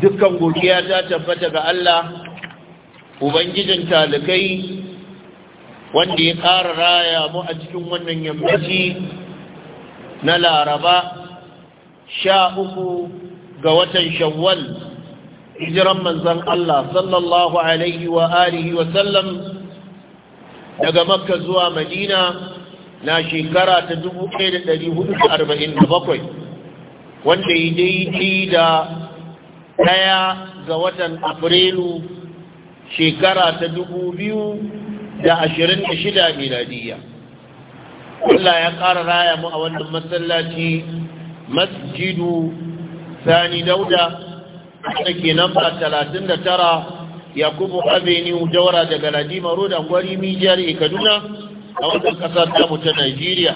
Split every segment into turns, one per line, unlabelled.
dukkan godiya ta tabbata ga Allah ubangijin talikai wanda ya ƙara raya mu a cikin wannan yammaci na laraba sha uku ga watan shawwal hijiran manzan Allah sallallahu alaihi wa alihi wa sallam daga makka zuwa madina na shekara ta 1447 wanda ya daidai da ɗaya ga watan afrilu shekara ta dubu biyu da ashirin da shida miladiyya Allah ya ƙara raya mu a wannan masallaci masjidu sani dauda da ke namba talatin da tara yakubu avenue daura daga ladima road gwari mijiyar kaduna a wannan ƙasar tamu ta nigeria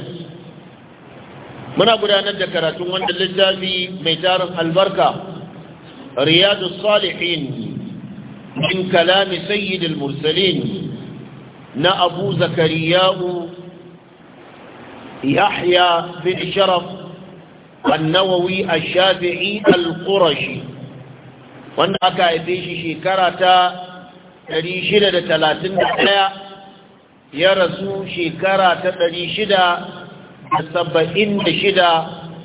muna gudanar da karatun wanda littafi mai tarin albarka رياض الصالحين من كلام سيد المرسلين نا أبو زكرياء يحيى بن شرف النووي الشافعي القرشي wanda aka haife shi shekara ta 631 ya rasu shekara ta 676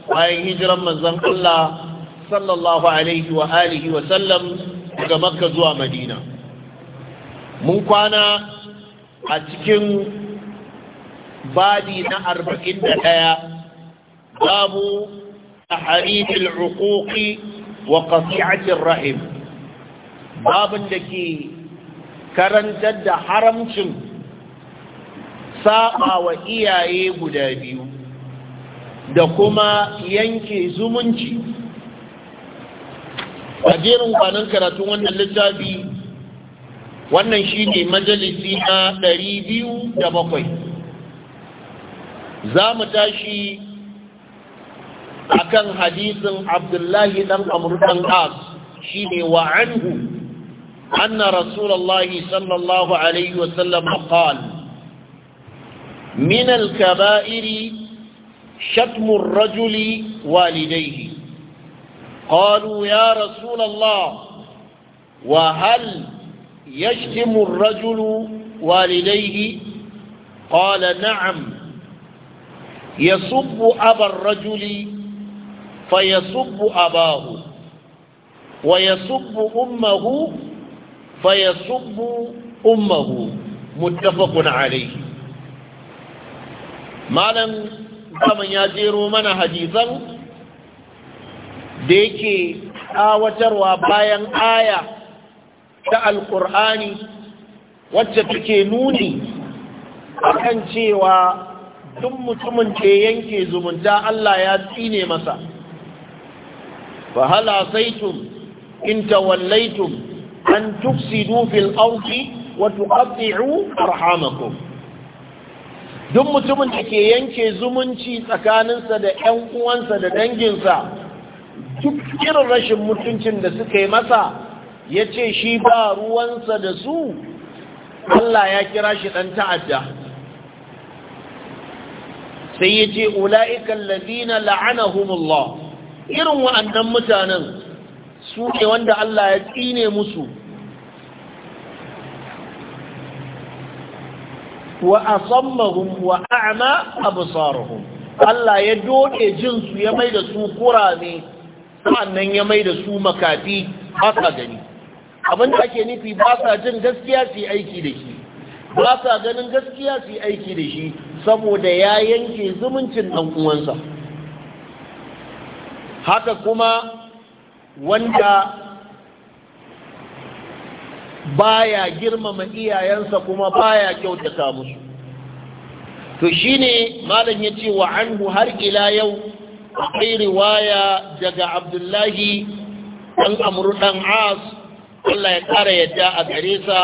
bayan hijiran manzon Allah sallallahu alaihi wa alihi wa sallam daga makka zuwa madina mun kwana a cikin badi na arba'in da ɗaya babu a haridin rukuki wa kasi'atin rahim babin da ke karantar da haramcin saba wa iyaye guda biyu da kuma yanke zumunci a jerin kwanan karatun wannan littafi wannan shi ne majalisi na ɗari biyu da bakwai. za mu tashi akan hadisin abdullahi ɗan Amurkan as shi ne wa anhu anna rasulallahi sallallahu alaihi wasallam qal min al-kaba'iri shatmun rajuli walidaihi قالوا يا رسول الله وهل يشتم الرجل والديه قال نعم يسب أبا الرجل فيسب أباه ويسب أمه فيسب أمه متفق عليه مالا كما يجير من حديثا da yake tsawatarwa bayan aya ta alkur'ani wacce take nuni kan cewa duk mutumin ke yanke zumunta Allah ya tsine masa ba hala inta in tawallaitum an tufsidu fil auki wa tuqatti'u arhamakum duk mutumin da ke yanke zumunci tsakaninsa da 'yan uwansa da danginsa duk irin rashin mutuncin da suka yi masa ya ce shi ba ruwansa da su Allah ya kira shi ɗan ta'adda sai ya ce ula'ikan lazina la'anahumullah irin wa'annan mutanen su ne wanda Allah ya tsine musu wa asammahum wa a'ma absaruhum Allah ya doke jinsu ya mai da su kurame nan ya mai da su makafi ba sa gani abin da ake nufi ba sa jin gaskiya su aiki da shi ba sa ganin gaskiya su aiki da shi saboda ya yanke zumuncin ɗan uwansa haka kuma wanda baya girmama iyayensa kuma baya kyautata musu to shine malam yace wa anhu har ila yau akwai riwaya daga abdullahi ɗan amru ɗan as Allah ya ƙara yadda a gare sa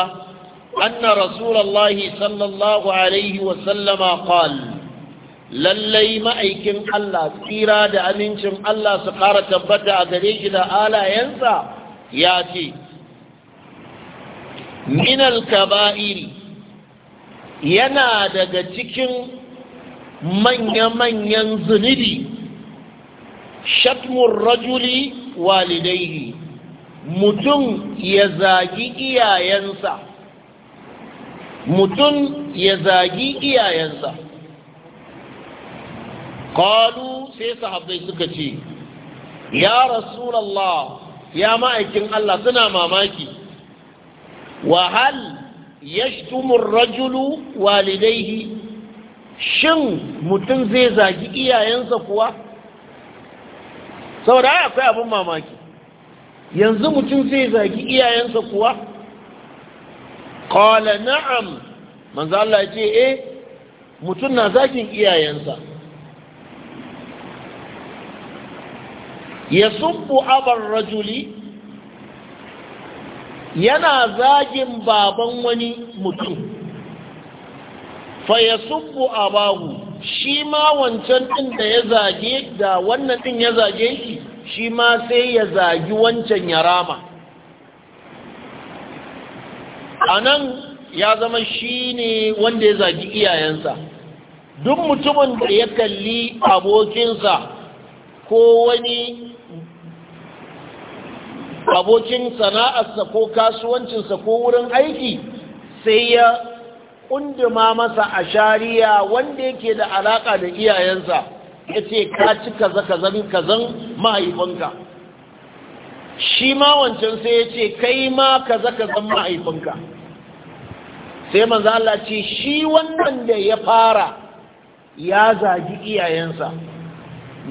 anna rasulallahi sallallahu alaihi wasallama qal lallai ma'aikin Allah tsira da amincin Allah su ƙara tabbata a gare shi da alayensa ya ce minal kaba'iri yana daga cikin manya-manyan zunubi shatmun rajuli walidaihi mutum ya zagi iyayensa mutum ya zagi iyayensa Kalu sai sahabbai suka ce ya rasulallah ya ma'aikin Allah suna mamaki wahal yashtumur rajulu walidaihi shin mutum zai zagi iyayensa kuwa saboda ai akwai abin mamaki yanzu mutum sai zaki iyayensa kuwa kawala na'am manzo Allah ce eh mutum na zakin iyayensa Ya sumbu abar rajuli yana zagin baban wani mutum fa ya sumbu abahu shi ma wancan ɗin da ya zage da wannan ɗin ya zage shi shi ma sai ya zagi wancan ya rama a nan ya zama shi ne wanda ya zagi iyayensa duk mutumin da ya kalli abokinsa ko wani abokin sana'arsa ko kasuwancinsa ko wurin aiki sai ya kunduma masa a shari'a wanda yake da alaƙa da iyayensa ya ce ka ci kaza kazan kazan mahaifinka shi ma wancan sai ya ce kai ma kaza kazan mahaifinka sai manzo Allah ce shi wannan da ya fara ya zagi iyayensa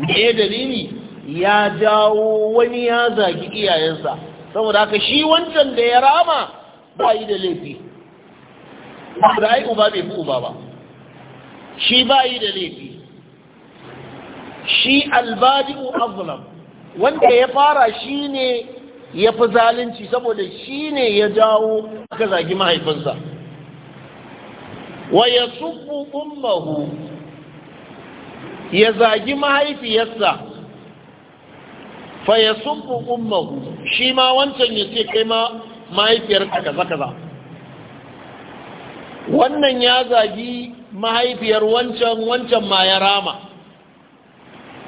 me dalili ya jawo wani ya zagi iyayensa saboda haka shi wancan da ya rama ba yi da laifi da ai uba bai fi uba ba shi ba yi da laifi shi albadi'u azlam wanda ya fara shi ne ya fi zalunci saboda shi ne ya jawo aka zagi mahaifinsa wa ya suɓu ummahu ya zagi mahaifiyarsa fa ya suɓu ummahu shi ma wancan ya ce kai ma mahaifiyarka kaza kaza wannan ya zagi mahaifiyar wancan wancan ma ya rama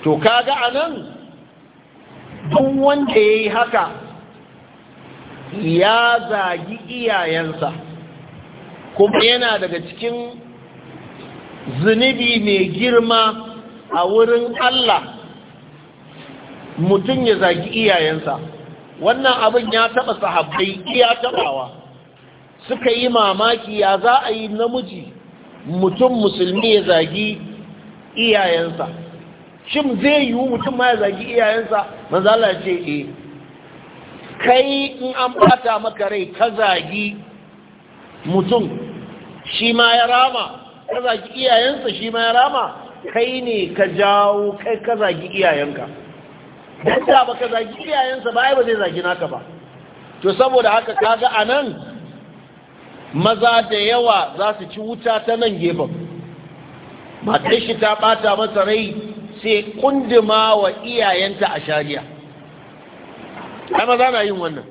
to kaga anan duk wanda ya yi haka ya zagi iyayensa kuma yana daga cikin zunubi mai girma a wurin Allah mutum ya zagi iyayensa wannan abin ya taɓa sahabbai iya taɓawa suka yi mamaki ya za a yi namiji mutum musulmi ya zagi iyayensa shin zai yiwu mutum ma ya zagi iyayensa manzala ce e kai in an bata maka rai ka zagi mutum shi ma ya rama ka zagi iyayensa shi ma ya rama kai ne ka jawo kai ka zagi iyayenka da ba ka zagi iyayensa ba ai ba zai zagi naka ba to saboda haka kaga anan maza da yawa za su ci wuta ta nan gefen matar shi ta bata masa rai sai kundima wa iyayenta a shariya. ai maza na yin wannan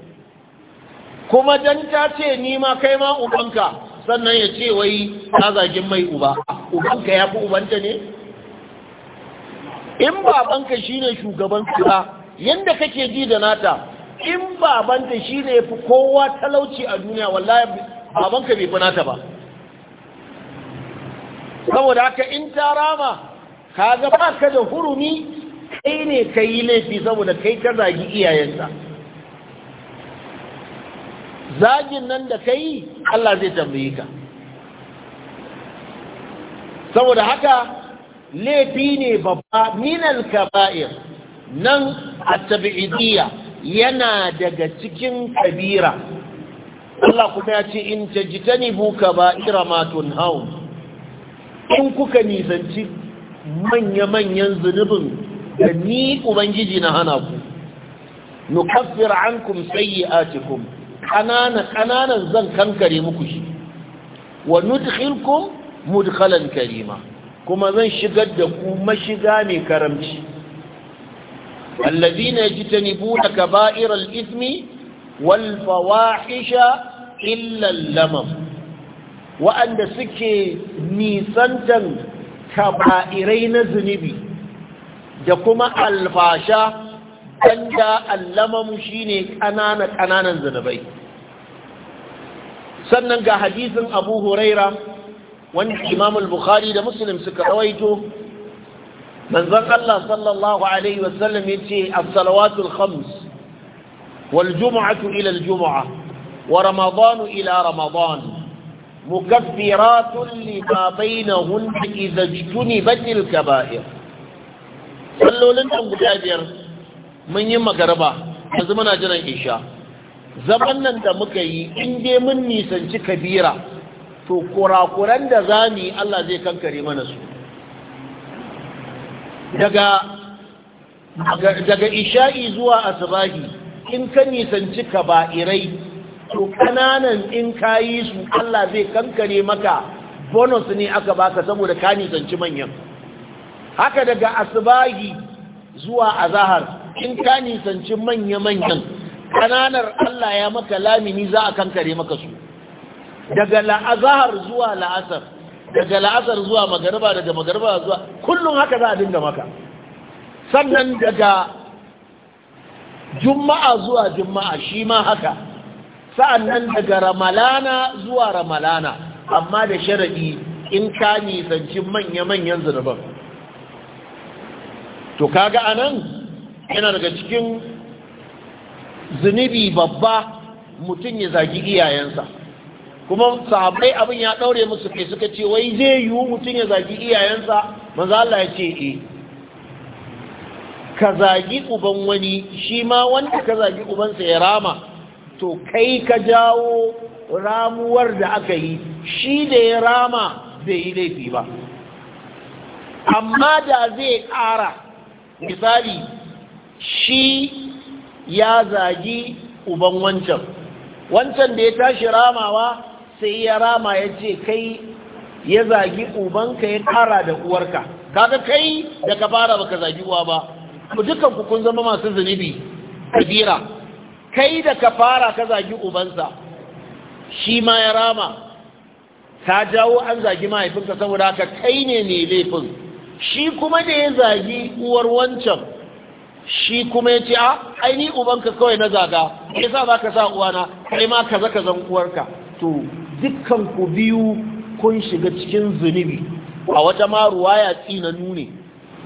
kuma dan ta ce ni ma kai ma ubanka sannan ya ce wai zagin mai uba ubanka ya fi ubanta ne in babanka shine shugaban kira yadda kake ji da nata in babanta shine ya fi kowa talauci a duniya wallahi babanka bai funata ba saboda haka in ta rama ka baka ka da hurumi kai ne ka yi laifi saboda kai ka zagi iyayensa zagin nan da ka yi Allah zai tambayi ka saboda haka laifi ne babba minal kaba'ir nan a tabi'idiyya yana daga cikin kabira Allah kuma ya ce in tajtanibu kaba'ira ma tunhaun in kuka nisanci manya-manyan zunubin da ni ubangiji na hana ku nukaffir ankum a kanana kananan zan kankare muku shi wa ku mudkhalan karima kuma zan shigar da ku mashiga mai karamci alladhina yajtanibuna kaba'iral ithmi wal fawahisha illan lamam wa'anda suke nisantan kaba'irai na zunubi da kuma alfasha banda allamam shine ƙananan ƙananan zunubai sannan ga hadisin abu huraira wani imam al-bukhari da muslim suka rawaito manzon Allah sallallahu alaihi wasallam yace as-salawatul khams wal jum'atu ila al-jum'ah ورمضان إلى رمضان مكفرات لما بينهن إذا اجتنبت الكبائر صلوا لنا مجابر من يما كربا زمنا جنا إيشا زمنا دا مكي إن دي من نيسان كبيرة to kurakuran da za mu yi Allah zai kankare mana su daga daga isha'i zuwa asbahi in ka nisanci kaba'irai to kananan in kayi su Allah zai kankare maka bonus ne aka baka saboda ka nisanci manyan haka daga asbahi zuwa azahar in ka nisanci manya-manyan kananar Allah ya maka lamini za a kankare maka su daga la'azahar zuwa la'asar daga la'asar zuwa magarba daga magarba zuwa kullum haka za a dinga maka sannan daga juma'a zuwa juma'a shi ma haka sa'an nan daga ramalana zuwa ramalana amma da sharaɗi in ka nisanci manya-manyan zunuban to kaga anan yana daga cikin zunubi babba mutum ya zagi iyayensa kuma sahabbai abin ya ɗaure musu kai suka ce wai zai yiwu mutum ya zagi iyayensa maza Allah ya ce e ka zagi uban wani shi ma wanda ka zagi ubansa ya rama to kai ka jawo ramuwar da aka yi shi da ya rama bai yi laifi ba amma da zai ƙara misali shi ya zagi uban wancan wancan da ya tashi ramawa sai ya rama ya ce kai ya zagi ubanka ya ƙara da uwarka kaga kai da ka fara baka zagi uwa ba ku ku kun zama masu zunubi kabira kai da ka fara ka zagi ubansa shi ma ya rama Ta jawo an zagi mahaifinka saboda haka kai ne ne laifin shi kuma da ya zagi uwar wancan shi kuma ya ce a aini ubanka kawai na zaga ya sa za ka sa uwana kai ma kaza zan uwarka to dukkan ku biyu kun shiga cikin zunubi a wata maruwa ya tsinanu ne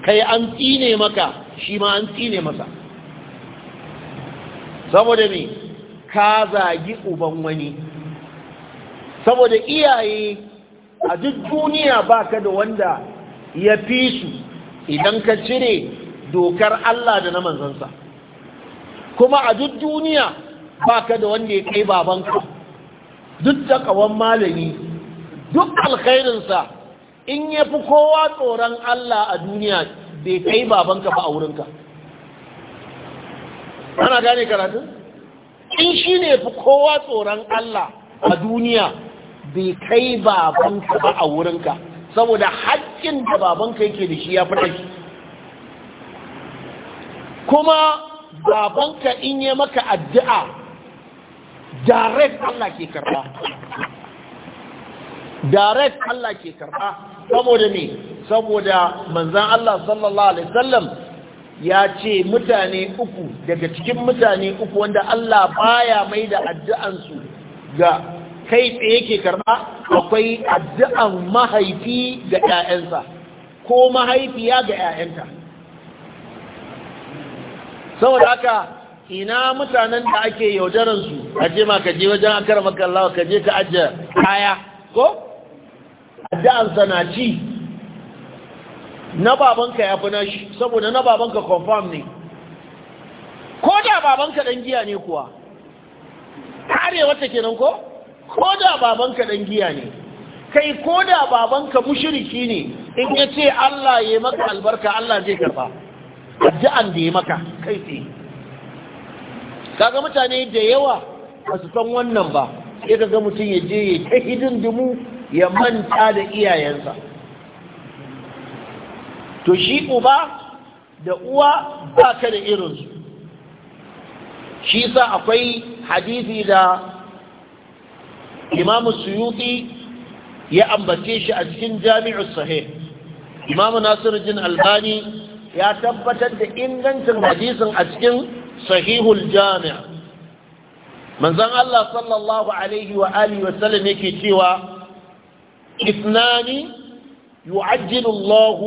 kai an tsine maka shi ma an tsine masa saboda mi ka zagi uban wani saboda iyaye a duk duniya ba ka da wanda ya fi su idan ka cire dokar Allah da na manzansa kuma a duk duniya ba ka da wanda ya kai babanka duk da kawan malami duk alkhairinsa in ya fi kowa tsoron Allah a duniya bai kai babanka ba a wurinka ana gane karatu in shi ne fi kowa tsoron Allah a duniya bai kai babanka ba a wurinka saboda haƙƙin da babanka yake da shi ya fi ɗaki kuma babanka in yi maka addu'a direct Allah ke karɓa direct Allah ke karɓa saboda ne saboda manzan Allah sallallahu Alaihi wasallam ya ce mutane uku daga cikin mutane uku wanda Allah baya mai da addu'ansu ga kai tsaye yake karba akwai addu'an mahaifi ga 'ya'yansa ko mahaifiya ga 'ya'yanta saboda haka ina mutanen da ake yaudaransu a ce ma kaje wajen akar makallawa kaje ka ajiye kaya ko addu'ansa na ci na babanka ya fi nashi saboda na babanka confirm ne ko da babanka ɗan giya ne kuwa tare wata kenan ko ko da babanka ɗan giya ne kai ko da babanka mushiriki ne in ya ce Allah ya maka albarka Allah zai karba addu'an da ya maka kai tsaye kaga mutane da yawa ba su san wannan ba sai kaga mutum ya je ya ta hidin dumu ya manta da iyayensa to shi uba da uwa ba ka da irinsu shi sa akwai hadisi da imamu suyuti ya ambace shi a cikin jami'ar sahih imamu nasiru jin albani ya tabbatar da ingancin hadisin a cikin sahihul jami'a manzan Allah sallallahu alaihi wa alihi wa sallam yake cewa isnani يعجل الله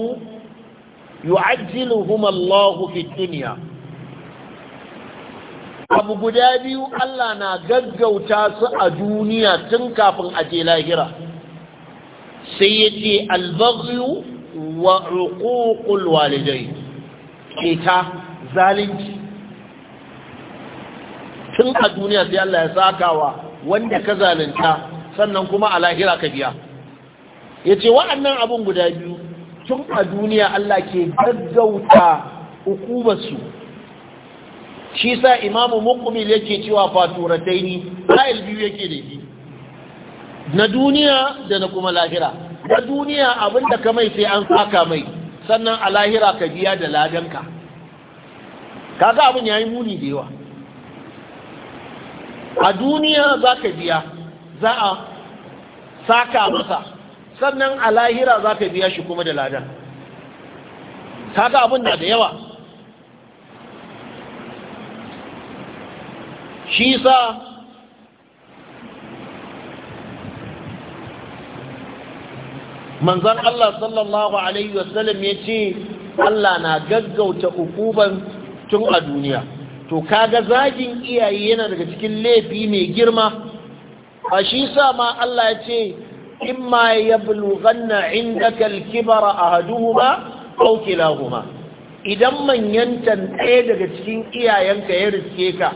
yu'ajjiluhum Allahu fi dunya abu guda biyu Allah na gaggauta su a duniya tun kafin a je lahira sai yace al-baghyu wa uququl walidayn ita zalunci tun a duniya sai Allah ya sakawa wanda ka zalunta sannan kuma a lahira ka biya yace wa'annan abun guda biyu tun a duniya Allah ke gaggauta hukumarsu shi sa imamu mukumil yake cewa faturatai ni ra'il biyu yake da shi na duniya da na kuma lahira na duniya abinda ka mai sai an saka mai sannan a lahira ka biya da ladanka kaga abin yi muni da yawa a duniya za ka biya za a saka masa sannan a lahira za ka biya shi kuma da ladan kaga abin da da yawa shi sa manzan Allah sallallahu Alaihi wasallam ya ce Allah na gaggauta hukuban tun a duniya to kaga zagin iyaye yana daga cikin laifi mai girma a shi sa ma Allah ya ce إما يبلغن عندك الكبر أهدهما أو كلاهما idan manyantan ɗaya daga cikin iyayenka ya riske ka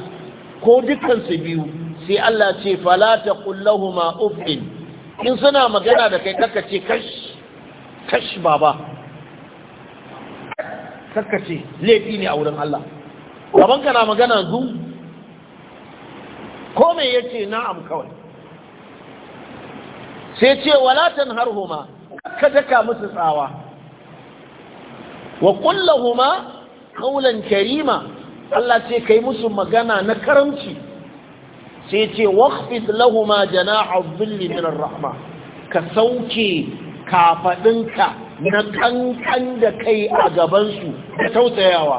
ko dukansu biyu sai Allah ce fala ta kullahuma uffin in suna magana da kai kaka ce kash kash baba kaka ce laifi ne a wurin Allah babanka na magana zu ko me yace na'am kawai sai ce walatan harhuma ka daka musu tsawa wa kullahuma kaulan karima Allah ce kai musu magana na karamci sai ce waqfid lahuma jana'a dhilli min ar-rahma ka sauke kafadinka na kankan da kai a gaban su da tausayawa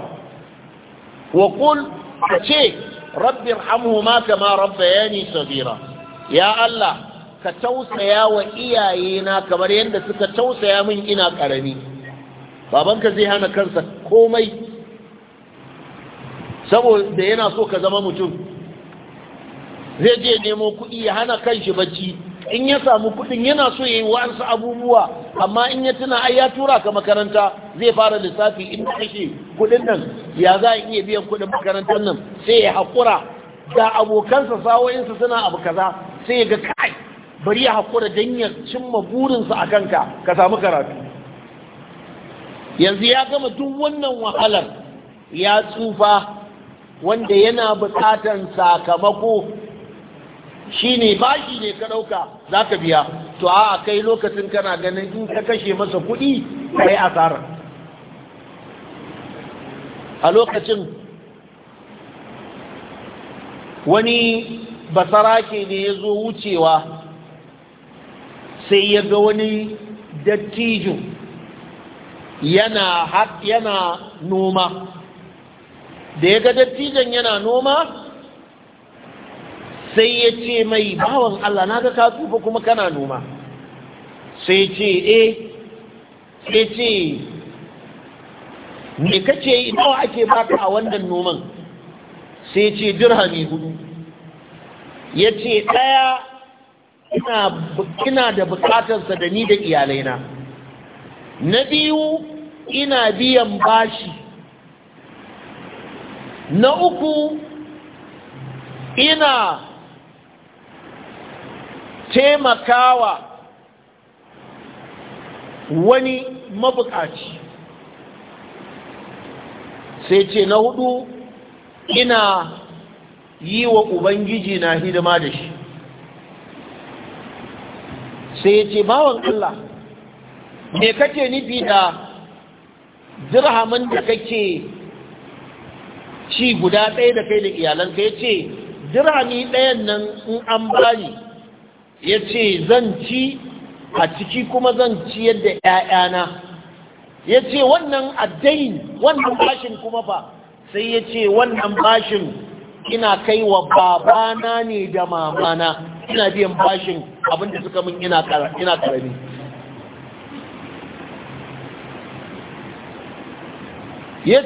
wa qul ce rabbi irhamhuma kama rabbayani sabira ya Allah ka tausaya wa iyayena kamar yadda suka tausaya min ina karami babanka zai hana kansa komai saboda yana so ka zama mutum zai je nemo kuɗi ya hana kanshi bacci in ya samu kuɗin yana so ya yi wa'ansu abubuwa amma in ya tuna ai ya tura ka makaranta zai fara lissafi in kashe kuɗin nan ya za a iya biyan kuɗin makarantar nan sai ya haƙura da abokansa sawo'insa suna abu kaza sai ya ga kai bari ya haƙura don ya cimma burinsa a kanka ka samu karatu yanzu ya gama duk wannan wahalar ya tsufa wanda yana buƙatan sakamako shi ne bashi ne ka ɗauka za ka biya to a kai lokacin kana ganin in ka kashe masa kuɗi kai yi asara a lokacin wani basara ke ne ya zo wucewa sai ya ga wani dattijo yana noma da ya ga dattijon yana noma sai ya ce mai bawan Allah na ga ka tsufa kuma kana noma sai ce eh sai ce me kace nawa ake baka a wannan noman sai ce dirhami hudu ya ce ɗaya ina da bukatarsa da ni da iyalaina na biyu ina biyan bashi na uku ina taimakawa wani mabukaci sai ce na hudu ina yi wa ubangiji na hidima da shi sai ya ce bawan Allah me kake nufi da dirhamin da kake ci guda ɗaya da kai da iyalanka ya ce dirhami ɗayan nan in an bani ya ce zan ci a ciki kuma zan ci yadda ‘ya'yana ya ce wannan addai wannan bashin kuma fa sai ya ce wannan bashin ina kaiwa babana ne da mamana ina biyan bashin abin da suka min ina karami ya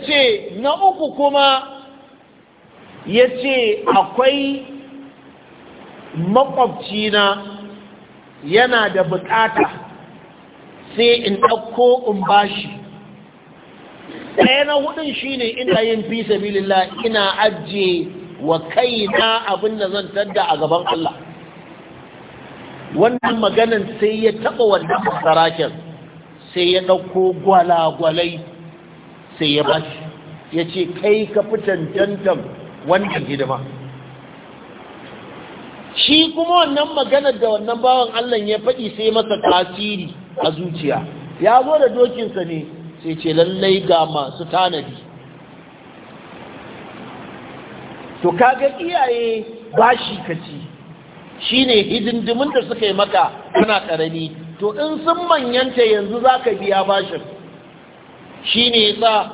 na uku kuma yace ce akwai makwabcina yana da bukata sai in ɗauko in bashi ɗaya na hudun shine ina yin fi sabilillah ina ajiye wa kaina abin da zan tadda a gaban Allah wannan maganan sai ya taɓa wannan sarakin sai ya ɗauko gwalagwalai sai ya bashi ya ce kai ka fi cancantan wannan hidima shi kuma wannan maganar da wannan bawan Allah ya faɗi sai masa tasiri a zuciya ya zo da dokinsa ne sai ce lallai ga masu tanadi to kaga iyaye bashi kaci Shi ne hidindimin da suka yi maka suna ƙarami. to in sun manyanta yanzu za ka biya bashin Shi ne ya sa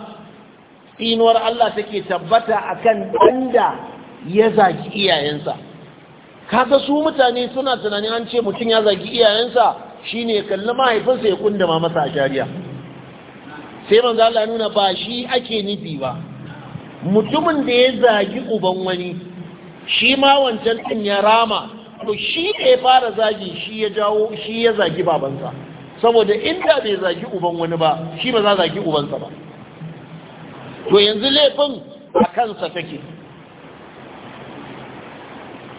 inuwar Allah take tabbata akan ɗanda ya zagi iyayensa kaga su mutane suna tunanin an ce mutum ya zagi iyayensa Shi ya kalli mahaifinsa ya ma masa a shari'a sai za Allah nuna ba shi ake nufi ba mutumin da ya zagi uban wani shi ma wancan ɗin ya rama to shi ne ya fara zagi shi ya jawo shi ya zagi babansa saboda inda bai zagi uban wani ba shi ba za zagi ubansa ba to yanzu laifin a kansa take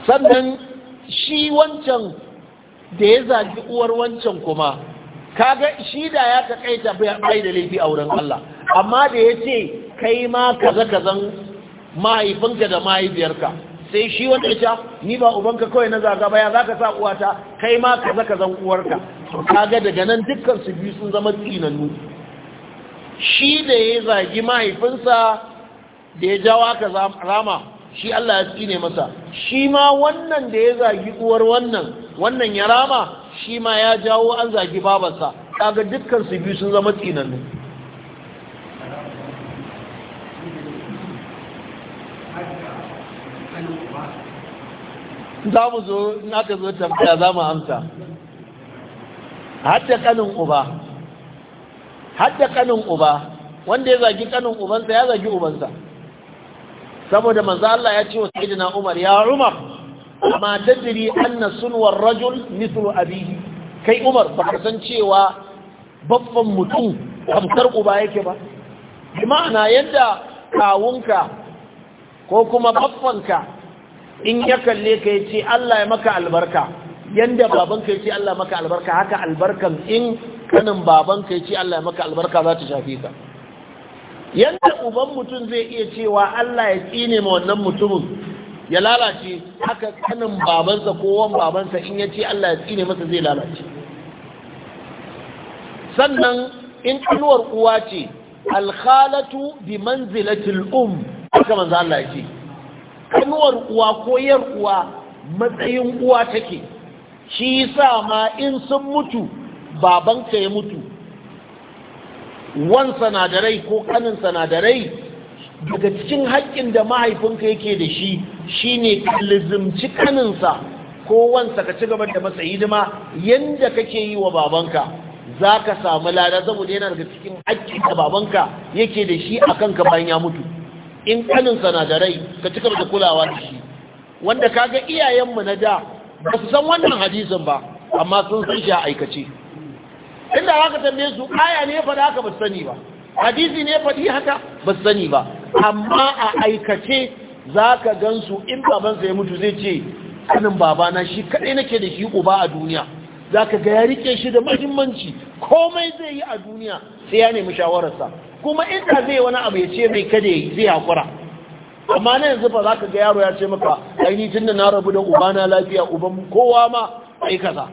sannan shi wancan da ya zagi uwar wancan kuma kaga shi da ya takaita bai da laifi a wurin Allah amma da ya ce kai ma kaza kazan mahaifinka da mahaifiyarka sai shi wanda ya ni ba ubanka kawai na zaga ba ya ka sa uwata kai ma ka zaka zan uwarka kaga daga nan dukkan su biyu sun zama tsinannu shi da ya zagi mahaifinsa da ya jawa ka rama shi Allah ya tsine masa shi ma wannan da ya zagi uwar wannan wannan ya rama shi ma ya jawo an zagi babarsa kaga dukkan su biyu sun zama tsinannu za mu zo in aka zo tambaya za mu amsa hadda kanin uba hadda kanin uba wanda ya zagi kanin ubansa ya zagi ubansa saboda manzo Allah ya ce wa sayyidina Umar ya Umar amma tadri anna sunwar rajul mithlu abihi kai Umar baka san cewa babban mutum kamtar uba yake ba bi ma'ana yadda kawunka ko kuma babbanka in ya kalle ka ya ce Allah ya maka albarka yanda babanka ya ce Allah maka albarka haka albarkan in kanin babanka ya ce Allah ya maka albarka za ta shafe ka yanda uban mutum zai iya cewa Allah ya tsine ma wannan mutumin ya lalace haka kanin babansa ko babansa in ya ce Allah ya tsine masa zai lalace sannan in kanuwar uwa ce alkhalatu bi manzilatil um haka manzo Allah ya ce kanuwar uwa ko yar uwa matsayin uwa take shi yasa ma in sun mutu babanka ya mutu wan sanadarai ko kanin sanadarai daga cikin haƙƙin da mahaifinka yake da shi shine ne lizimci kaninsa ko wansa ka ci gaba da masa hidima yadda kake yi wa babanka za ka samu lada saboda yana daga cikin haƙƙin da babanka yake da shi a kanka bayan ya mutu in kanin sanadarai ka cika da kulawa da shi wanda kaga iyayenmu na da ba su san wannan hadisin ba amma sun san shi a aikace inda haka tambaye su aya ne faɗa haka ba sani ba hadisi ne faɗi haka ba sani ba amma a aikace zaka gansu in babansa ya mutu zai ce kanin babana shi kaɗai nake da shi uba a duniya zaka ga ya rike shi da mahimmanci komai zai yi a duniya sai ya nemi shawararsa kuma inda zai wani abu ya ce mai kada zai haƙura amma na yanzu ba za ka ga yaro ya ce maka aini tun da na rabu da ubana lafiya uban kowa ma ai kaza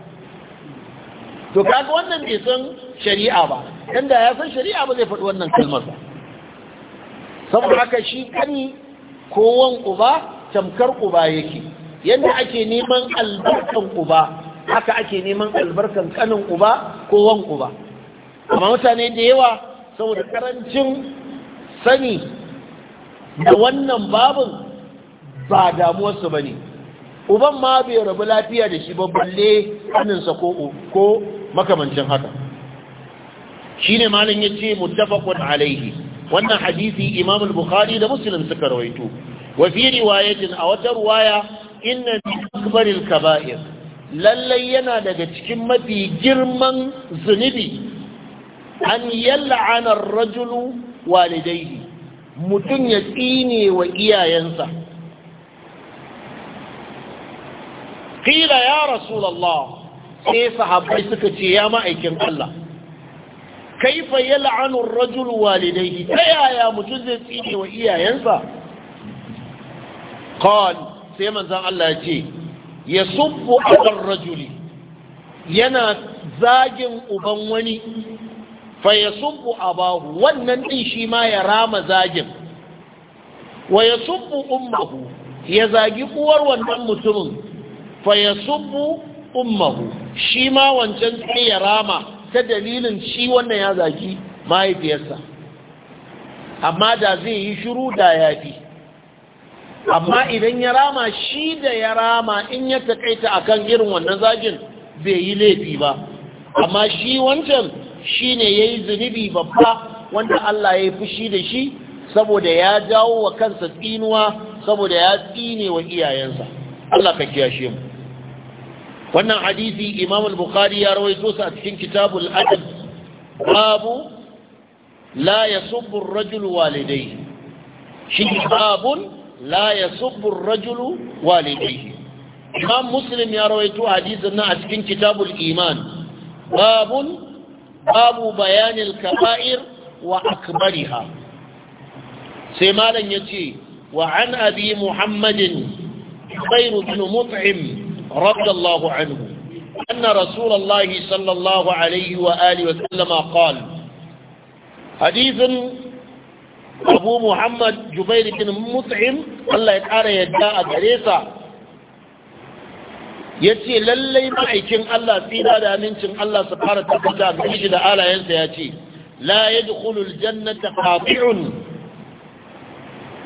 to kaga wannan bai san shari'a ba inda ya san shari'a ba zai faɗi wannan kalmar ba saboda haka shi kani kowan uba tamkar uba yake Yadda ake neman albarkan uba haka ake neman albarkan kanin uba kowan uba amma mutane da yawa saboda karancin sani da wannan babin ba damuwarsu ba ne uban ma bai rabu lafiya da shi balle hannunsa ko makamancin haka shi ne malin ya ce mutafakun alaihi wannan hadisi imam al-bukhari da musulun suka rawaito wa riwayatin a wata ruwaya inna min akbaril kaba'ir lallai yana daga cikin mafi girman zunubi an yal'ana ar-rajulu walidayhi mutum ya tsine wa iyayensa qila ya rasulullah sai sahabbai suka ce ya ma'aikin Allah kaifa yal'anu ar-rajulu walidayhi ta yaya mutum zai tsine wa iyayensa qal sai manzon Allah ya ce yasubbu ala ar-rajuli yana zagin uban wani fa ya a abahu wannan din shi ma ya rama zagin wa ya sumbu ummahu ya zagi uwar wannan mutumin fa ya sumbu ummahu shi ma wancan sai ya rama ta dalilin shi wannan ya zagi mahaifiyarsa amma da zai yi shiru da ya fi. amma idan ya rama shi da ya rama in ya takaita akan irin wannan zagin bai yi laifi ba amma shi wancan shine yayi zunubi babba wanda Allah ya yi fushi da shi saboda ya jawo wa kansa tsinuwa saboda ya tsine wa iyayensa Allah ka kiyashe mu wannan hadisi Imam al-Bukhari ya rawaito sa a cikin Kitabul Adab babu la yasubbu ar-rajulu walidayhi shi babun la yasubbu ar-rajulu walidayhi Imam Muslim ya rawaito hadisin nan a cikin Kitabul Iman babun babu bayanil kaba'ir wa akbariha sai malam yace wa an abi muhammadin bayr ibn mut'im radiyallahu anhu أن رسول الله wa الله عليه وآله وسلم قال حديث أبو محمد جبير ya مطعم yadda يتعالى يدعى ya ce lallai ma'aikin Allah tsira da amincin Allah su fara tabbata ga shi da alayensa ya ce la ya dukulul jannata kafi'un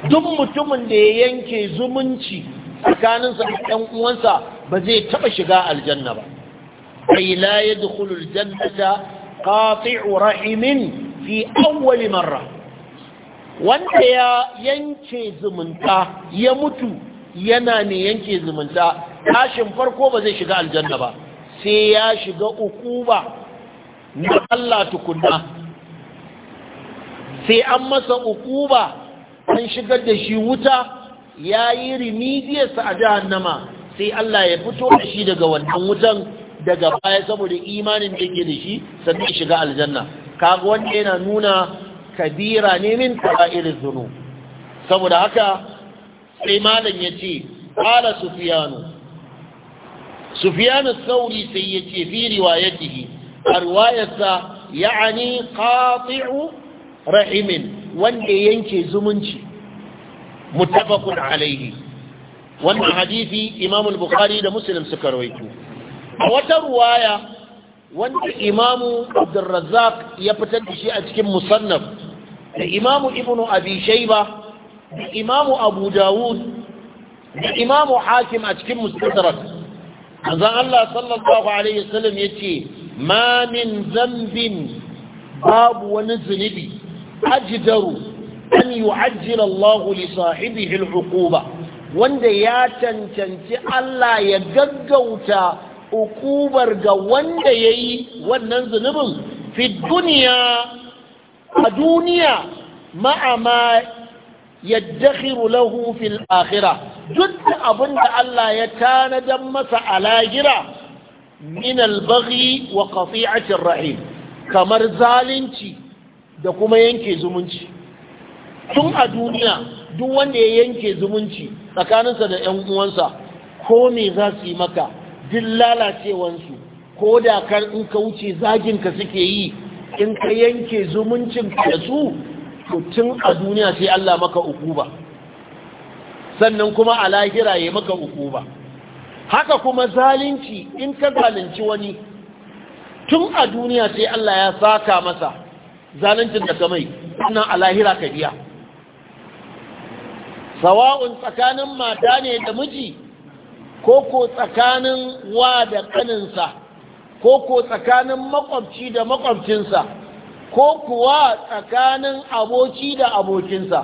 duk mutumin da ya yanke zumunci tsakaninsa da ɗan uwansa ba zai taɓa shiga aljanna ba ai la ya dukulul jannata kafi'u rahimin fi awwali marra wanda ya yanke zumunta ya mutu yana ne yanke zumunta tashin farko ba zai shiga aljanna ba sai ya shiga ukuba na Allah tukunna sai an masa ukuba an shigar da shi wuta ya yi remediyarsa a jahannama sai Allah ya fito da shi daga wannan wutan daga baya saboda imanin da ke da shi sannan shiga aljanna kaga wanda yana nuna kabira ne min kaba'irin saboda haka sai malam ya ce ƙara sufiyanu سفيان الثوري سيتي في روايته الرواية يعني قاطع رحم وان ينكي زمنشي متفق عليه وان حديث إمام البخاري ده مسلم سكرويته وترواية وان إمام عبد الرزاق يبتد شيء أتكم مصنف إمام ابن أبي شيبة إمام أبو داود إمام حاكم أتكم مستدرك manzon Allah sallallahu alaihi wasallam yace ma min zambin babu wani zunubi ajdaru an yu'ajjil Allah li sahibihi al-uquba wanda ya cancanci Allah ya gaggauta hukubar ga wanda yayi wannan zunubin fi duniya a duniya ma'ama yaddakhiru lahu fil akhirah duk abun da Allah ya tanadan masa a lahira min al-baghi wa qati'ati rahim kamar zalunci da kuma yanke zumunci tun a duniya duk wanda ya yanke zumunci tsakaninsa da 'yan uwansa ko me za su yi maka duk lalacewansu ko da kar in ka wuce zaginka suke yi in ka yanke zumuncin da su tun a duniya sai Allah maka ba sannan kuma a lahira ya maka ukuba haka kuma zalunci in ka zalunci wani tun a duniya sai Allah ya saka masa zaluncin da ka mai sannan a lahira ka biya sawa'un tsakanin mata ne da miji ko ko tsakanin wa da kaninsa ko ko tsakanin makwabci da makwabcinsa ko kuwa tsakanin aboki da abokinsa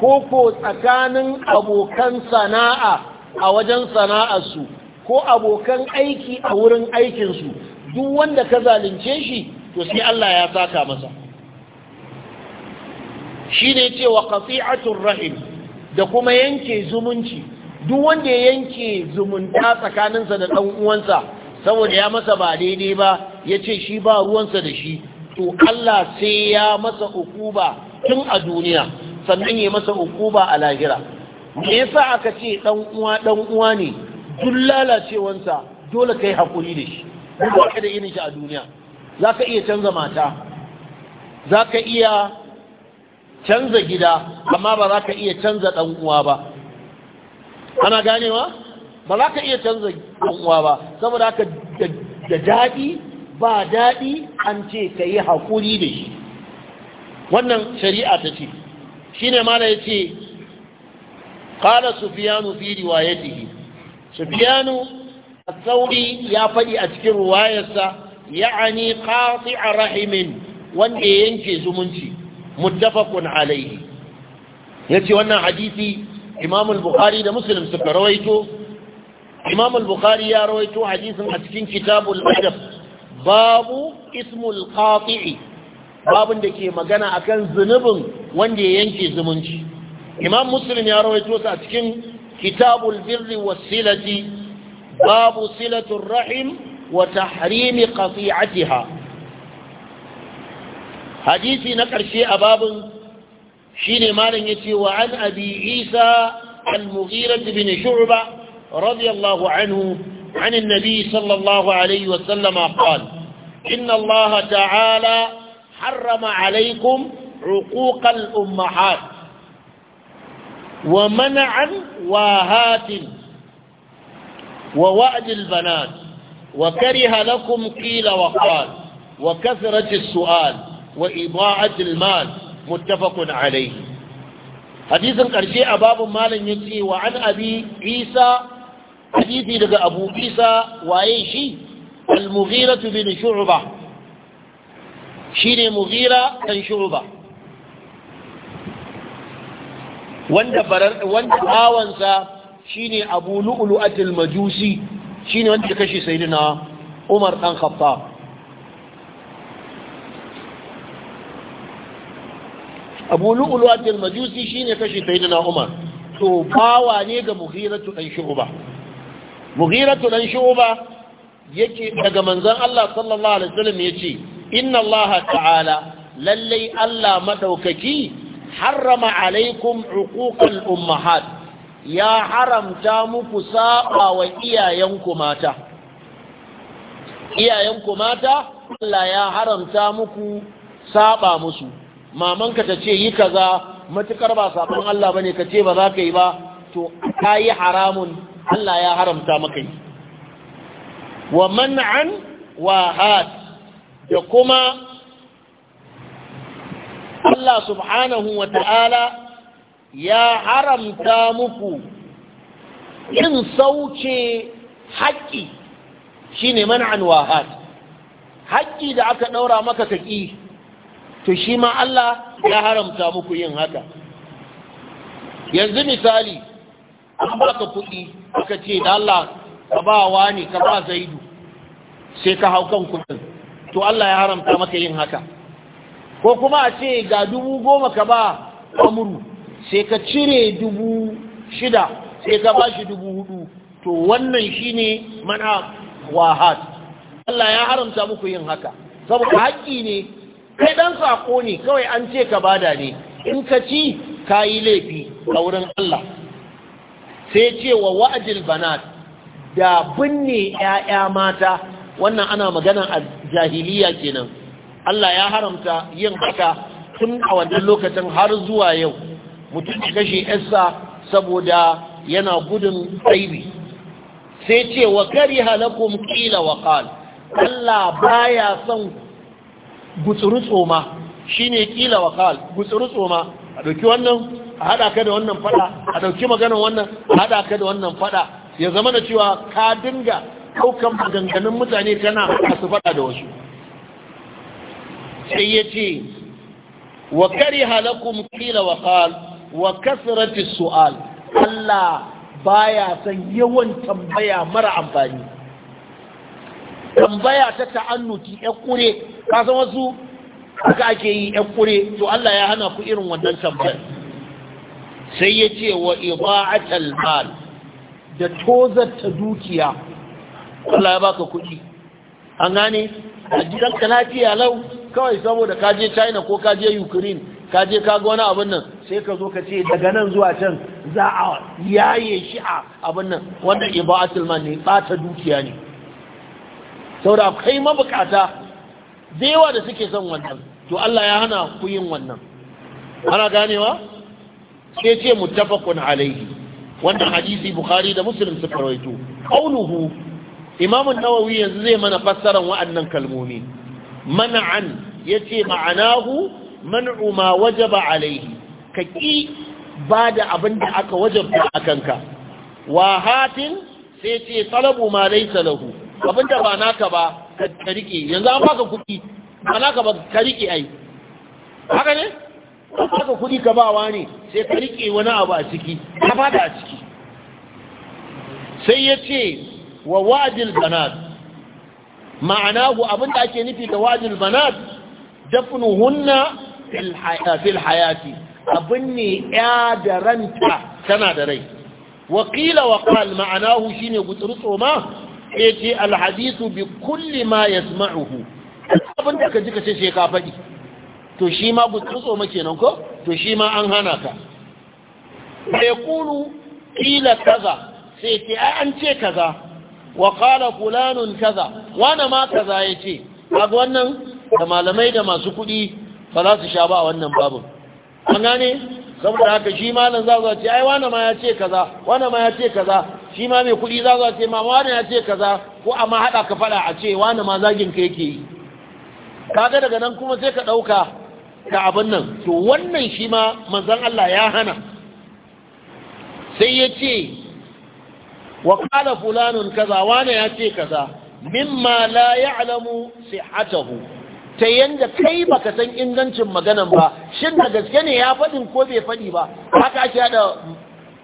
ko ko tsakanin abokan sana'a a wajen sana'arsu ko abokan aiki a wurin aikinsu duk wanda ka zalunce shi to sai Allah ya saka masa shi ne ce wa qati'atur rahim da kuma yanke zumunci duk wanda ya yanke zumunta tsakaninsa da ɗan uwansa saboda ya masa ba daidai ba ya ce shi ba ruwansa da shi to Allah sai ya masa ukuba tun a duniya sannan ya masa ukuba a lahira me yasa aka ce dan uwa dan uwa ne duk lalacewansa dole kai hakuri da shi duk ka da irin shi a duniya zaka iya canza mata zaka iya canza gida amma ba za ka iya canza dan uwa ba ana ganewa ba za ka iya canza dan uwa ba saboda ka da daɗi ba daɗi an ce ka yi haƙuri da shi wannan shari'a ta ce shi ne Mara ya ce ƙala sufiyanu fi riwayatihi sufiyanu a tsauri ya faɗi a cikin ruwayarsa ya'ani kasi a rahimin wanda ya yanke zumunci muttafaqun alaihi yace wannan hadisi imam al-bukhari da muslim suka rawaito imam bukhari ya rawaito hadisin a cikin kitabul adab babu ismul qati'i babun da ke magana akan zunubin wanda ya yanke zumunci imam muslim ya rawaito sa cikin kitabul birri wasilati babu silatul rahim wa tahrimi qati'atiha hadisi na karshe a babun shine malam yace wa an abi isa al-mughira bin shu'ba radiyallahu anhu عن النبي صلى الله عليه وسلم قال إن الله تعالى حرم عليكم عقوق الأمهات ومنعا واهات ووأد البنات وكره لكم قيل وقال وكثرة السؤال وإضاعة المال متفق عليه حديث القرشي أباب مال يتي وعن أبي عيسى hadisi daga abu isa waye shi al-mughira bin shu'ba shine mughira dan shu'ba wanda barar wanda bawansa shine abu lu'lu'atul majusi shine wanda kashi sayyidina umar dan khattab abu lu'lu'atul majusi shine kashi sayyidina umar to ne ga mughiratu dan shu'ba mughiratu dan shu'ba yake daga manzon Allah sallallahu alaihi wasallam yace inna Allah ta'ala lallai Allah madaukaki harrama alaikum uquqal ummahat ya haramta muku saba wa iyayenku mata iyayenku mata Allah ya haramta muku saba musu mamanka ta ce yi kaza matukar ba sabon Allah bane ka ce ba za ka yi ba to ka yi haramun Allah ya haramta maka yi wa man'an wa had da kuma Allah subhanahu wa ta'ala ya haramta muku Yin sauce haƙƙi shine man'an wa had haƙƙi da aka ɗaura maka kaƙi to shi ma Allah ya haramta muku yin haka yanzu misali an baka kuɗi aka ce da Allah ka ba wa ne ka ba zaidu sai ka hau kan kuɗin to Allah ya haramta maka yin haka ko kuma a ce ga dubu goma ka ba amuru sai ka cire dubu shida sai ka ba shi dubu hudu to wannan shi ne mana wahat Allah ya haramta muku yin haka saboda haƙƙi ne kai ɗan saƙo ne kawai an ce ka bada ne in ka ci ka yi laifi a wurin Allah sai ce wa wa'ajil banat da binne ‘ya'ya mata wannan ana magana a jahiliya kenan Allah ya haramta yin haka tun a wannan lokacin har zuwa yau mutum ya kashe ‘yarsa saboda yana gudun tsaibi sai ce wa kari halakun kila wa kal Allah ya son gutsuru tsoma shi ne ƙila wa kal gutsuru tsoma a ɗauki wannan a haɗa ka da wannan fada a ɗauki maganar wannan a haɗa ka da wannan fada ya zama da cewa ka dinga ɗaukan maganganun mutane kana a su fada da wasu sai ya ce wa kari halakun kila wa kal wa kasrati su'al Allah baya san yawan tambaya mara amfani tambaya ta ta'annuti ya ka kasan wasu Aka ake yi ƴan kure to Allah ya hana ku irin wannan tambayar sai ya ce wa iba'atal mal da tozarta dukiya Allah ya baka kuɗi an gane a ka lafiya lau kawai saboda ka je China ko ka je Ukraine ka je ka ga wani abin nan sai ka zo ka ce daga nan zuwa can za a yaye shi a abin nan wanda iba'atul mal ne bata dukiya ne saboda kai mabukata da da suke son wannan to Allah ya hana ku yin wannan ana ganewa sai ce muttafaqun alaihi wannan hadisi bukhari da muslim suka rawaito qawluhu imam an-nawawi yanzu zai mana fassaran wa'annan kalmomi man'an yace ma'anahu man'u ma wajaba alaihi ka bada abin da aka wajabta akanka wa hatin sai ce talabu ma laysa lahu abinda ba naka ba ka rike yanzu an baka kuɗi ba ka ba ka riƙe ai haka ne ka kuɗi ka ba ne sai ka riƙe wani abu a ciki ka fada a ciki sai ya ce wa wajil banat ma'anahu abinda ake nufi da wajil banat dafnuhunna fil hayati abin ne ya da ranta tana da rai wakila wakal ma'anahu shine gutsuru tsoma ya ce alhadisu bi kulli ma yasma'uhu abin da ka ji ka ce sai ka faɗi to shi ma gutsun mace kenan ko to shi ma an hana ka bai kulu kila kaza sai ce ai an ce kaza wa qala fulanun kaza wani ma kaza ya ce kaga wannan da malamai da masu kuɗi ba za su sha ba a wannan babin an gane saboda haka shi ma nan za zuwa ce ai wani ma ya ce kaza wani ma ya ce kaza shi ma mai kuɗi za zuwa ce ma wani ya ce kaza ko amma haɗa ka faɗa a ce wani ma zagin ka yake yi kaga daga nan kuma sai ka ɗauka ka abin nan to wannan shi ma manzan Allah ya hana sai ya ce wa kala fulanun kaza wane ya ce kaza mimma la ya'lamu sihhatahu ta yanda kai baka san ingancin maganan ba shin da gaske ne ya faɗin ko bai faɗi ba haka ake haɗa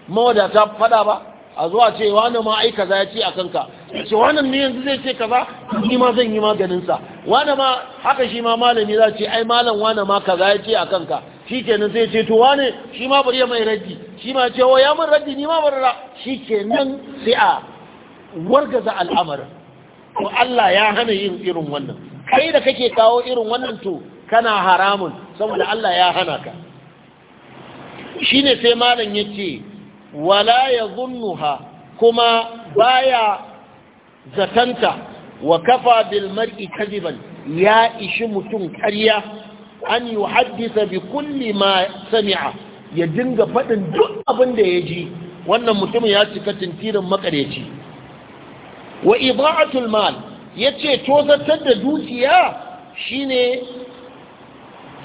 mawadata faɗa ba a zuwa ce wani ma aika kaza ya ce a kanka ce wani ne yanzu zai ce kaza ni ma zan yi maganinsa wani ma haka shi ma malami za ce ai malam wani ma kaza ya ce a kanka shi kenan sai ce to wani shi ma bari ya mai raddi shi ma ce wa oh, ya mun raddi ni ma bari ra shi kenan sai a wargaza al'amar to Allah ya hana yin irin wannan kai da kake kawo irin wannan to kana haramun saboda Allah ya hana ka shine sai malam yace wala ya zunnuha kuma baya zatanta wa kafa bil mar'i kadiban ya ishi mutum ƙarya an yi haddisa bi kulli ma sami'a ya dinga faɗin duk abin da ya ji wannan mutumin ya cika tintirin makareci wa ibra'atul mal yace tozartar da dukiya shine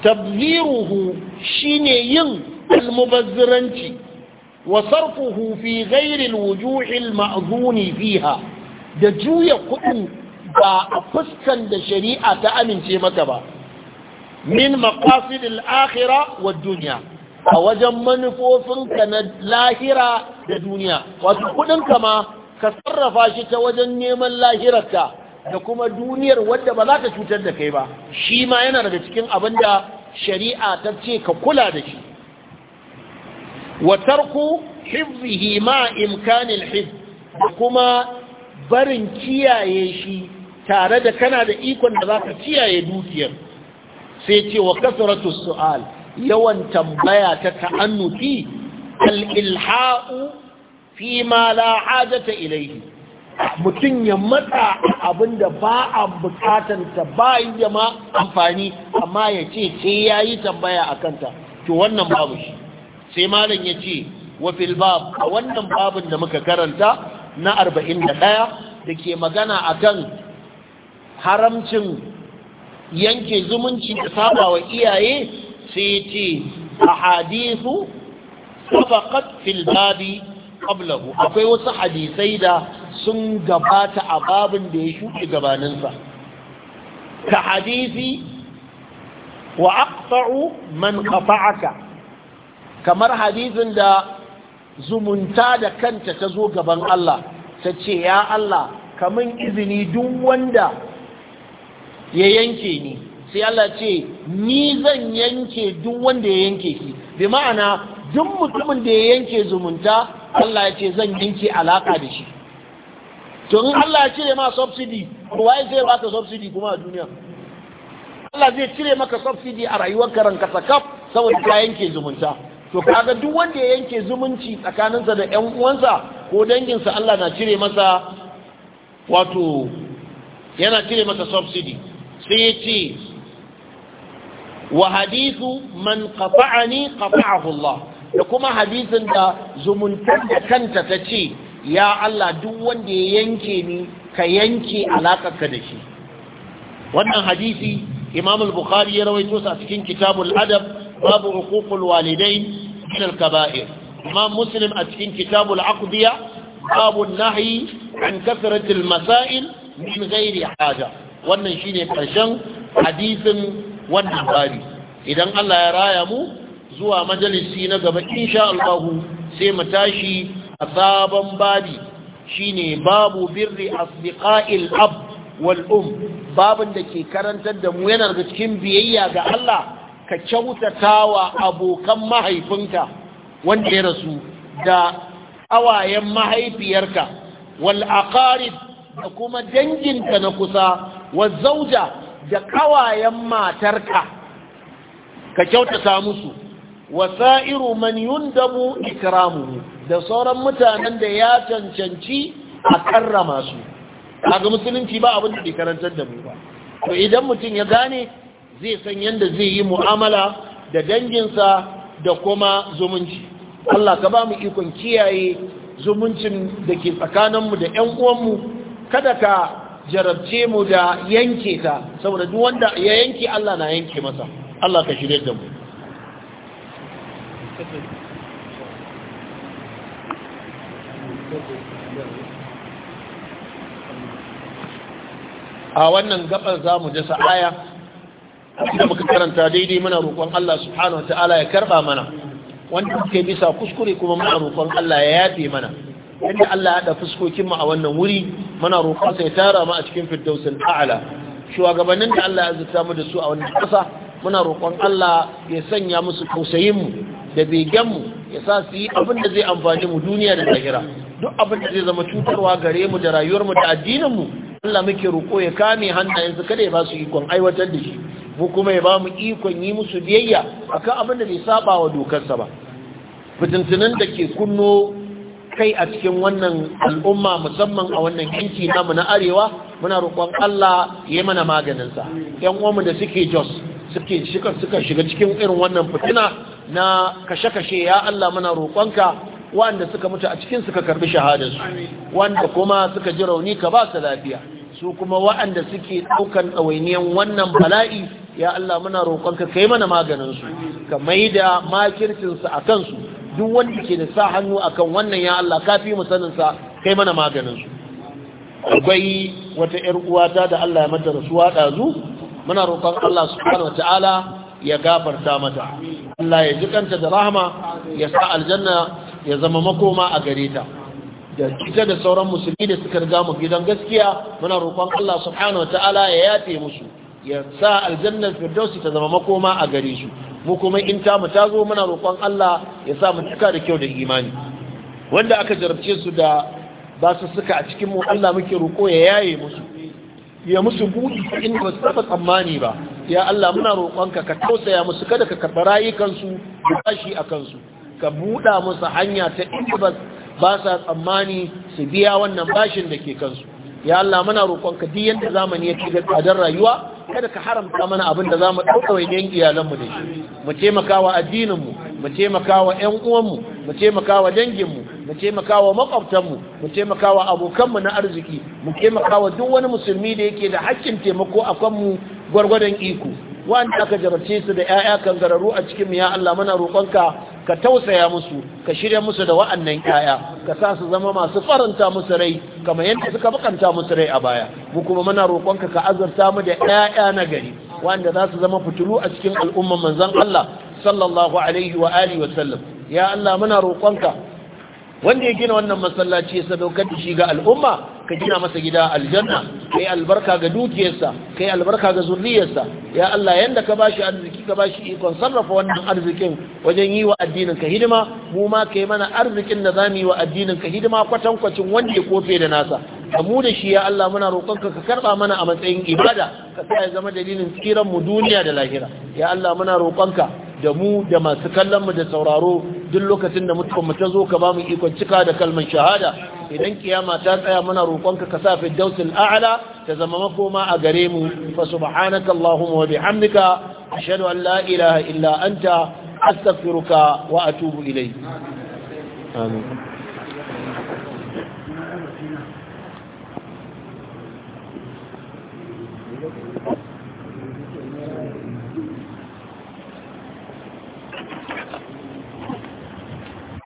tabziruhu shine yin almubazziranci وصرفه في غير الوجوه المأذون فيها da juya kuɗi ba a fuskan da shari'a ta amince maka ba min maqasid akhira akhirah wa dunya a wajen manufofinka na lahira da duniya wato kuɗinka ma ka sarrafa shi ta wajen neman lahirarka da kuma duniyar wadda ba za ta cutar da kai ba shi ma yana daga cikin abin da shari'a ta ce ka kula da shi wa tarku hifzihi ma imkanil hif kuma barin kiyaye shi tare da kana da ikon da zaka kiyaye dukiyar sai ce wa kasratu su'al yawan tambaya ta ta'annuti al ilha'u fi ma la hajata ilayhi mutum ya matsa abin da ba a ta, ba yi jama'a amfani amma ya ce sai ya yi tambaya a kanta to wannan babu shi sai malam ya ce wa filbab a wannan babin da muka karanta na arba'in da ɗaya da ke magana a kan haramcin yanke zumunci da saba wa iyaye sai ce a hadisu sabakat filbabi qablahu akwai wasu hadisai da sun gabata a babin da ya shuke gabaninsa ka hadisi wa aqta'u man qata'aka kamar hadisin da zumunta da kanta ta zo gaban Allah ta ce ya Allah kamun izini duk wanda ya yanke ni sai Allah ce ni zan yanke duk wanda ya yanke ki bi ma'ana duk mutumin da ya yanke zumunta Allah ya ce zan yanke alaka da shi to in Allah ya cire ma subsidy waye zai baka subsidy kuma a duniya Allah zai cire maka subsidy a rayuwar karan kasa kaf saboda ka yanke zumunta to kaga duk wanda ya yanke zumunci tsakaninsa da ƴan uwansa ko danginsa Allah na cire masa wato yana cire masa subsidy sai ce wa hadithu man qata'ani qata'ahu Allah da kuma hadisin da zumuntar da kanta ta ce ya Allah duk wanda ya yanke ni ka yanke alakarka da shi wannan hadisi imam al-bukhari ya rawaito sa cikin kitabul adab babu uququl walidai min al-kaba'ir imam muslim a cikin kitabul aqdiya babu nahyi an kasratil masail min ghairi haja wannan shine karshen hadisin wannan bari idan Allah ya raya mu zuwa majalisi na gaba insha Allah sai mu tashi a sabon babi shine babu birri asdiqa'il ab wal um babin da ke karantar da mu yana cikin biyayya ga Allah ka kyautata wa abokan mahaifinka wanda ya rasu da awayen mahaifiyarka wal aqarib da kuma danginka na kusa wa zauja da kawayen matarka ka kyautata musu wa sa'iru man yundabu ikramuhu da sauran mutanen da ya cancanci a karrama su kaga musulunci ba abin da ke karantar da mu ba to idan mutum ya gane zai san yadda zai yi mu'amala da danginsa da kuma zumunci Allah ka ba mu ikon kiyaye zumuncin da ke tsakaninmu da 'yan uwanmu kada ka jarabce mu da yanke ta saboda duk wanda ya yanke Allah na yanke masa Allah ka shirya da mu a wannan gabar za mu dasa aya da muka karanta daidai muna roƙon Allah subhanahu wa ta'ala ya karba mana wanda muke bisa kuskure kuma muna roƙon Allah ya yafe mana yadda Allah ya haɗa fuskokin mu a wannan wuri muna roƙon ya tara mu a cikin firdausin a'la shugabannin da Allah ya zata mu da su a wannan ƙasa muna roƙon Allah ya sanya musu tausayin mu da begen mu ya sa su yi abin da zai amfani mu duniya da lahira duk abin da zai zama cutarwa gare mu da rayuwar mu da addinin mu Allah muke roƙo ya kame hannayensu kada ya ba su ikon aiwatar da shi mu kuma ya ba mu ikon yi musu biyayya a kan abin da bai saba wa dokarsa ba fitintunan da ke kunno kai a cikin wannan al'umma musamman a wannan yanki namu na arewa muna roƙon Allah ya yi mana maganinsa yan uwanmu da suke jos suke suka shiga cikin irin wannan fitina na kashe-kashe ya Allah muna roƙonka wanda suka mutu a cikin suka karbi shahadarsu wanda kuma suka ji rauni ka ba su lafiya su kuma waɗanda suke ɗaukan ɗawainiyan wannan bala'i ya Allah muna roƙonka kai mana maganin su ka maida makircin su a kansu. duk wanda ke da sa hannu akan wannan ya Allah ka fi mu saninsa. sa kai mana maganin su akwai wata 'yar uwata da Allah ya mata rasuwa ɗazu muna roƙon Allah subhanahu wataala ya gafarta mata Allah ya ji kanta da rahama ya sa aljanna ya zama makoma a gare ta da ita da sauran musulmi da suka riga mu gidan gaskiya muna roƙon Allah subhanahu wataala ya yafe musu ya sa aljannar firdausi ta zama makoma a gare shi mu kuma in ta mu ta zo muna roƙon Allah ya sa mu cika da kyau da imani wanda aka jarabce su da ba su suka a cikin mu Allah muke roƙo ya yaye musu ya musu buɗi in ba su taɓa tsammani ba ya Allah muna roƙonka ka ka tausaya musu kada ka karɓa rayukansu da tashi a kansu ka buɗa musu hanya ta in ba sa tsammani su biya wannan bashin da ke kansu ya Allah muna roƙonka duk yanda zamani ya ga tsadar rayuwa kada ka haramta mana abin da zamu dauka wa yan iyalan mu da shi mu taimaka wa addinin mu mu taimaka wa ƴan uwan mu mu taimaka wa dangin mu mu taimaka wa makwabtan mu mu taimaka wa abokan na arziki mu taimaka wa duk wani musulmi da yake da haƙƙin taimako a kan mu gwargwadon iko wanda aka jarabce su da 'ya'ya kan a cikin mu ya Allah muna roƙonka ka tausaya musu ka shirya musu da wa'annan 'ya'ya ka sa su zama masu faranta musu rai kamar yadda suka bakanta musu rai a baya mu kuma muna roƙonka ka azurta mu da 'ya'ya na gari wanda za su zama fitulu a cikin al'umman manzon Allah sallallahu alaihi wa alihi wa sallam ya Allah muna roƙonka wanda ya gina wannan masallaci ya sadaukar da shi ga al'umma ka gina masa gida aljanna kai albarka ga dukiyarsa kai albarka ga zurriyarsa ya Allah yanda ka bashi arziki ka bashi ikon sarrafa wannan arzikin wajen yi wa addinin ka hidima mu ma kai mana arzikin da zamu yi wa addinin ka hidima kwatan kwacin wanda ya kofe da nasa mu da shi ya Allah muna roƙonka ka karba mana a matsayin ibada ka sa ya zama dalilin tsiran mu duniya da lahira ya Allah muna roƙonka da mu da masu kallon mu da sauraro duk lokacin da mutum mu ta zo ka bamu iko cika da kalmar shahada idan kiyama ta tsaya muna roƙonka ka safi firdausul a'la ta zama makoma a gare mu fa subhanaka allahumma wa bihamdika ashhadu an la ilaha illa anta astaghfiruka wa atubu ilayk amin Thank you.